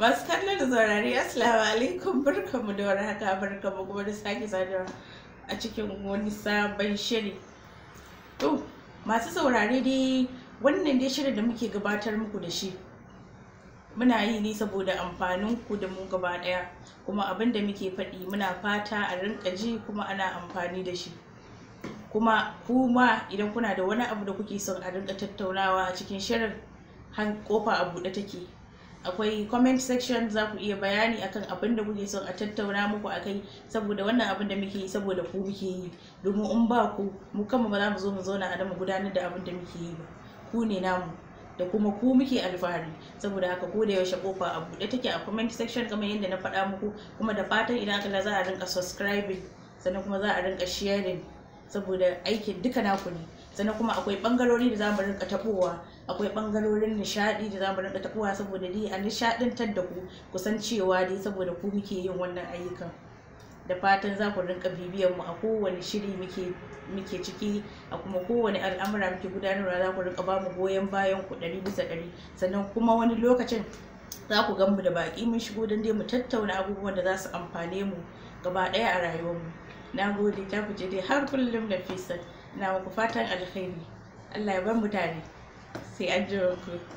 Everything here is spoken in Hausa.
masu kallon da zaurari assalamu alaikum barkamu da warhaka barkamu kuma da sake saduwa a cikin wani sabon shiri to masu saurare dai wannan dai shirin da muke gabatar muku da shi muna yi ne saboda amfanin ku da mu gaba daya kuma abin da muke faɗi muna fata a rinka ji kuma ana amfani da shi kuma kuma idan kuna da wani abu da kuke son a rinka tattaunawa a cikin shirin kofa a buɗe take akwai comment section za ku iya bayani akan abin da kuke son a tattauna muku akai saboda wannan abin da muke yi saboda ku muke yi domin in ba ku mu kanmu ba za mu zo mu zauna a mu gudanar da abin da muke yi ba ku ne namu da kuma ku muke alfahari saboda haka ko da yaushe kofa a buɗe take a comment section kamar yadda na faɗa muku kuma da fatan idan aka za a rinka subscribing sannan kuma za a rinka sharing saboda aikin duka naku ne sannan kuma akwai bangarori da zamu rinka tabowa akwai bangarorin nishadi da zamu rinka tabowa saboda dai a nishadantar da ku kusan cewa dai saboda ku muke yin wannan ayyukan da fatan za ku rinka bibiyan mu a kowane shiri muke muke ciki a kuma kowane al'amura muke gudanarwa za ku rinka bamu goyon bayan ku ɗari bisa ɗari sannan kuma wani lokacin za ku gan mu da baƙi mun shigo don dai mu tattauna abubuwan da za su amfane mu gaba ɗaya a rayuwarmu na gode ta ku je dai har kullum da fisa na muku fatan alkhairi Allah ya ban mutane sai an ku